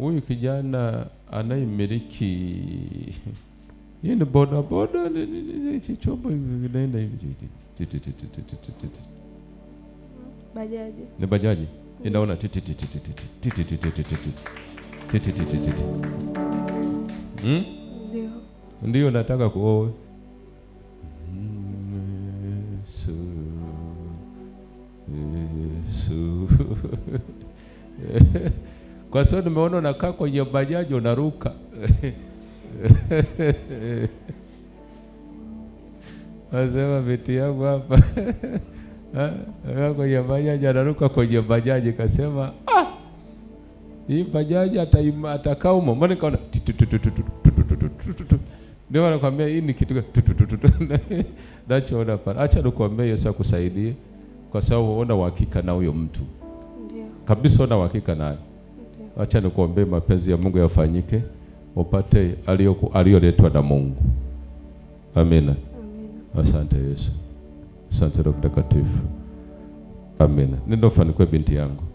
huyu kijana anayemiliki hii ni bodaboda, hichi chombo kinaenda hivi, ni bajaji inaona ndio nataka kuoa kwa sababu nimeona unakaa kwenye bajaji unaruka. Nasema binti yangu hapa kwenye bajaji anaruka kwenye bajaji, kasema ah, hii bajaji atakaa umo mbona, nikaona ndio anakwambia hii ni kitu nachoona pale. Acha nikuambia, Yesu akusaidie, kwa sababu una uhakika na huyo mtu kabisa, una uhakika naye acha nikuombee mapenzi ya Mungu yafanyike, upate aliyoletwa na Mungu. Amina, amina. Asante Yesu, asante Roho Mtakatifu. Amina, nenda ufanikiwe binti yangu.